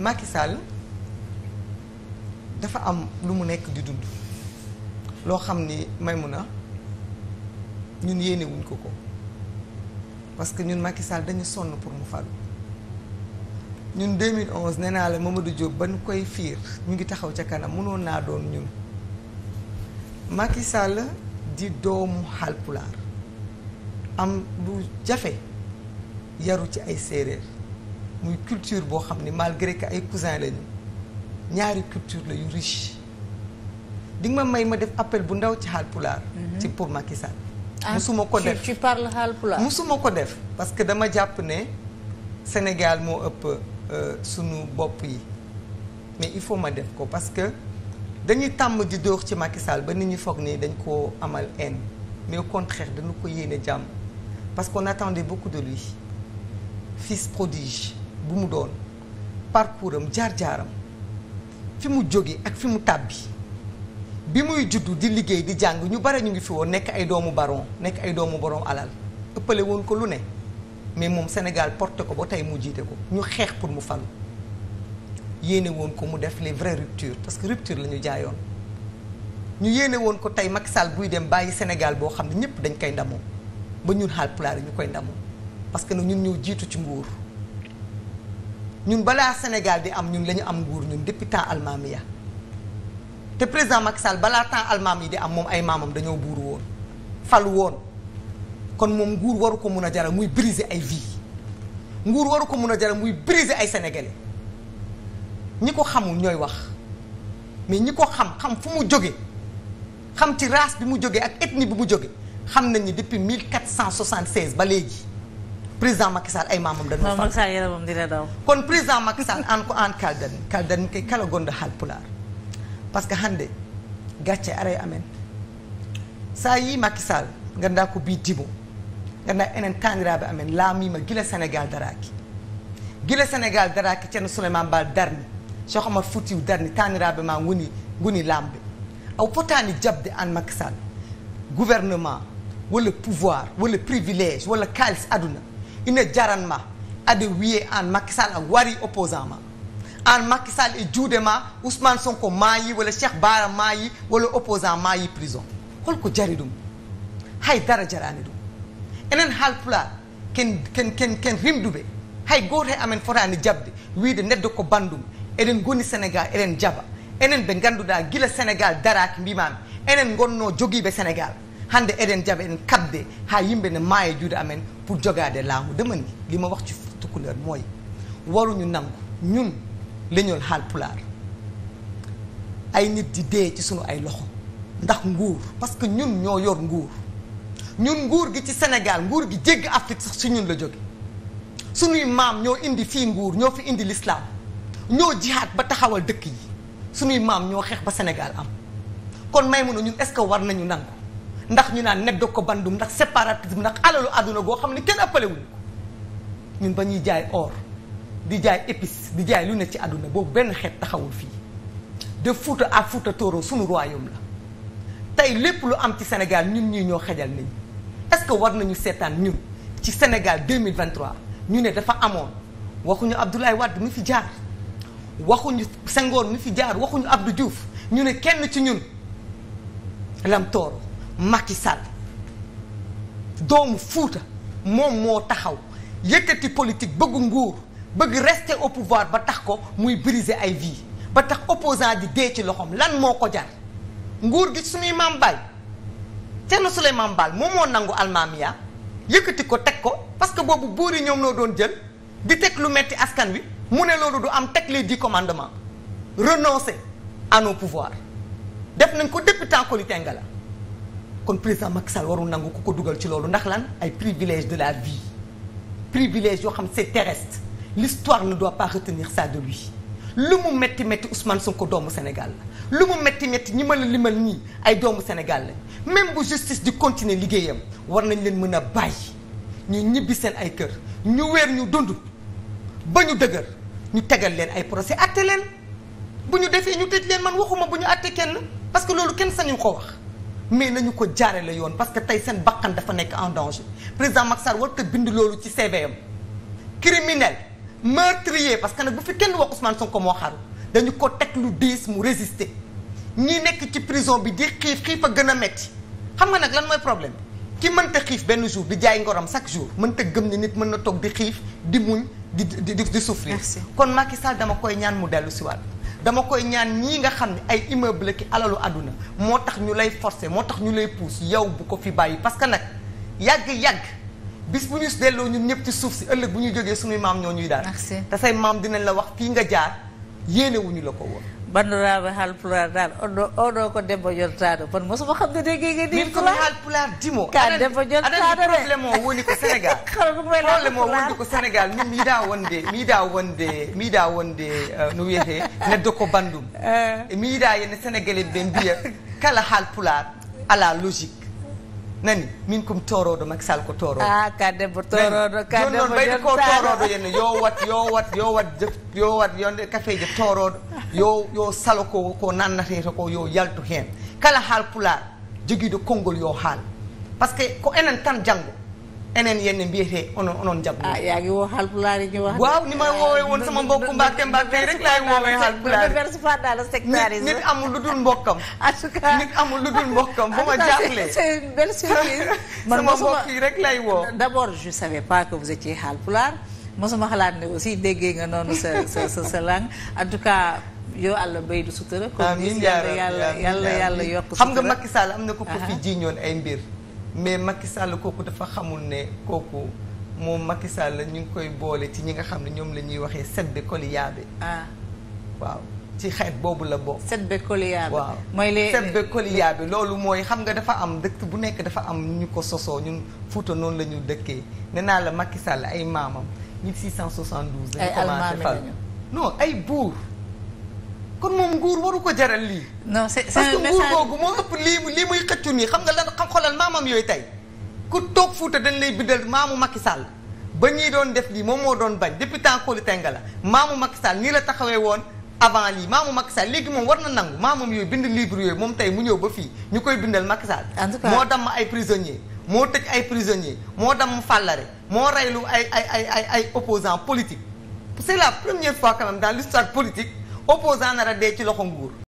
Macky Sall dafa am lu mu nekk di dund loo xam ni may Maimouna ñun yéenewuñ ko ko parce que ñun Macky Sall dañu sonn pour mu falu ñun 2011 nee naa la Mamadou Diop ba ñu koy fiir ñu ngi taxaw ca kanam mënoon naa doon ñun Macky Sall di doomu Haalpulaar am lu jafe yaru ci ay séeréer muy culture boo xam ne malgré que ay cousin lañu ñaari culture la yu riche di ma may ma def appel bu ndaw ci Haalpulaar. Mhm. ci pour Macky Sall. Ah, musuma ko def tu parles Haalpulaar musuma ko def parce que dama jàpp ne Sénégal moo ëpp euh, sunu bopp yi mais il faut ma def ko parce que dañuy tàmm di dóor ci Macky ba nit ñi foog nii dañ koo amal haine mais au contraire dañu ko yéene jàmm parce que qu'on attendait beaucoup de lui fils prodige bu mu doon parcours am jaar-jaaram fi mu jóge ak fi mu tàbbi bi muy juddu di liggéey di jàng ñu bare ñu ngi fi woon nekk ay doomu baron nekk ay doomu borom alal ëppale woon ko lu ne mais moom Sénégal porté ko ba tey mu jiite ko ñu xeex pour mu falu yéene woon ko mu def les vraies ruptures parce que rupture la ñu jaayoon ñu yéene woon ko tey mag Sall buy dem bàyyi Sénégal boo xam ne ñëpp dañ koy ndamoo ba ñun Haalpulaar yi ñu koy ndamoo parce que nag ñun ñoo jiitu ci nguur ñun balaa Sénégal di am ñun lañu am nguur ñun depuis temps almaami ya te président Macky Sall balaa temps almaam yi di am moom ay maamam dañoo buur woon falu woon kon moom nguur waru ko mun a jaral muy briser ay vie nguur waru ko mun a jaral muy briser ay sénégalais ñi ko xamul ñooy wax mais ñi ko xam xam fu mu jóge xam ci race bi mu jógee ak ethnie bi mu jóge xam nañ cent depuis 1476 ba léegi président Macky Sall ay maamam dañu. fa yaramam dina daw. kon président Macky Sall ko an kaldan kaldan kay kala gondo halpular parce que hande gacce aray amen sa yi Macky Sall ganda ko bi dimo ganda enen taniraɓe amen laamima guila sénégal daraki guila sénégal daraki ceerno souleymane bal darni cheikh omar foutiw darni taniraɓe ma goni goni lamɓe aw fotani jabde an Macky Sall gouvernement walla pouvoir walla privilège walla kaalis aduna ina jaranma aɗa wiye an makky sall a wari opposant ma an makky e juude ma ousmane sonko maayi walla cheikh bara maayi walla opposant maayi prison holko jari ɗum hay dara jarani ɗum enen haalpular ken ken ken ken rimɗuɓe hay goto hay amen fotani jabde wiide neddo ko bandum eɗen goni sénégal eɗen jaaba enen ɓe ganduɗa guila sénégal daraki mbimami enen gonno joguiɓe hande eɗen jaɓa en kabde ha yimɓe ne maaya juuɗe amen pour jogade laahude mani ma wax ci tukuleur mooy waruñu nangu ñun leñol haal pulaar ay nit di dee ci sunu ay loxo ndax nguur parce que ñun ñoo yor nguur ñun nguur gi ci senegal nguur gi jégg Afrique sax si ñun la jóge suñuy maam ñoo indi fii nguur ñoo fi indi lislaam ñoo jihaat ba taxawal dëkk yi suñuy maam ñoo xeex ba senegal am kon may mun a ñun est-ce que war nañu nangu ndax ñu naan net ko bandum ndax séparatisme ndax alalu àdduna goo xam ne kenn ëppale wuñ ñun ba ñuy jaay or di jaay épice di jaay lu ne ci àdduna boobu benn xeet taxawul fii def Fuuta ak Fuuta Tooro suñu royaume la tey lépp lu am ci Sénégal ñu ñii ñoo xejal nañu est que war nañu seetaan ñun ci Sénégal 2023 ñu ne dafa amoon waxuñu Abdoulaye Wade mi fi jaar waxuñu Senghor mi fi jaar waxuñu Abdou Diouf ñu ne kenn ci ñun lam tooro Macky Sall doomu Fuuta moom moo taxaw yëkkati politique bëgg nguur bëgg rester au pouvoir ba tax ko muy briser ay vie ba tax opposant di dee ci loxoom lan moo ko jar nguur gi suñuy maam baay Thierno Souleymane Baal moom moo nangu almaamiya yëkkati ko teg ko parce que boobu buur yi ñoom loo doon jël di teg lu metti askan wi mu ne loolu du am teg les di commandement renoncer à nos pouvoirs def nañ ko depuis temps Koli Tenga la kon président Macky Sall warul nangu ku ko dugal ci loolu ndax lan ay privilèges de la vie privilèges yoo xam c'est terrestre l'histoire ne doit pas retenir ça de lui lu mu metti metti Ousmane ko doomu Sénégal la lu mu metti metti ñi ma la limal nii ay doomu Sénégal la même bu justice di continuer liggéeyam war nañ leen mën a bàyyi ñu ñibbi seen ay kër ñu weer ñu dund ba ñu dëgër ñu tegal leen ay procès atte leen bu ñu defee ñu tëj leen man waxuma bu ñu atte kenn parce que loolu kenn sañu ko wax mais nañu ko jaare la yoon parce que tey seen bakkan dafa nekk en danger président Macky Sall warut a bind loolu ci CV am criminel meurtrier parce que nag bu fi kenn wax Ousmane Sonko moo xaru dañu ko teg lu diis mu résister ñi nekk ci prison bi di xiif xiif a gën a metti xam nga nag lan mooy problème ki mënta xiif benn jour di jaay ngorom chaque jour mënta gëm ni nit mën na toog di xiif di muñ di di di souffrir kon Macky Sall dama koy ñaan mu dellu si waat dama koy ñaan ñii nga xam ne ay immeuble ki alalu àdduna moo tax ñu lay forcer moo tax ñu lay pousse yow bu ko fi bàyyi parce que nag yàgg-yàgg bis bu ñu delloo ñun ñëpp ci suuf si ëllëg bu ñu jógee suñuy maam ñoo ñuy daan te say maam dinañ la wax fii nga jaar yéene la ko woon bandiraɓe haalpular nan oɗo oɗo ko debbo jontaɗo kono mosoma hamde de gege ɗin komi haalpular dimo ka debbo jontaɗo de probléme o woni ko sénégal kono ɗum wayi ko sénégal mi mi yiɗa wonde mi yiɗa wonde no euh, wiyete neddo ko bandum eh. mi yiɗa yenne sénégalais ɓe mbiya kala haalpular ala logique nani min komi toroɗo makisal ko toroɗo a ah, ka debbo toroɗo ka debbo jontaɗo joni noon ɓayde ko toroɗo yenne yo wat yo yo saloko ko nannatete ko yo yaltu hen kala haal pulaar jogiiɗo konngol yo haal par ce que ko enen tan janngo enen yenne mbiyete onon onon jaggo a yaagi wo haalpulaar ñi wa waaw ni ma woowe won sama mbokku rek lay woo d'abord je savais pas que vous étiez haalpulaar mosuma xalaat ne aussi déggee nga noonu sa sa sa en tout cas yoo àll bay du sutura. amiin yàlla yàlla yàlla yàlla yokk xam nga Macky Sall am na ko ko fi jiiñoon ay mbir. mais Macky sàll kooku dafa xamul ne kooku moom Macky Sall la ñu ngi koy boole ci ñi nga xam ne ñoom la ñuy waxee sedbe koliyaabe. ah waaw ci xeet boobu la bokk. sedbe koliyaabe waaw mooy les sedbe koliyaabe loolu mooy xam nga dafa am dëkk bu nekk dafa am ñu ko sosoo ñun Fuuta noonu la ñu dëkkee ne naa la makki sàll ay maamam 1672. dañu commencé fal non ay buur. kon moom nguur waru ko jaral lii. non c'est c'est un message parce que nguur googu moo ëpp lii lii muy xëccu nii xam nga lan xam xoolal maamam yooyu tey ku toog Fuuta dañ lay bindal maamu Macky Sall ba ñuy doon def lii moom moo doon bañ depuis temps Koli la maamu Macky Sall nii la taxawee woon avant lii maamu Macky Sall léegi moom war na nangu maamam yooyu bind livre yooyu moom tey mu ñëw ba fii ñu koy bindal Macky Sall. en tout cas moo damm ay prisonniers moo tëj ay prisonniers moo damm fàllare moo reylu ay ay ay ay ay opposants politiques c'est la première fois politique opposant nar a dee ci loxo nguur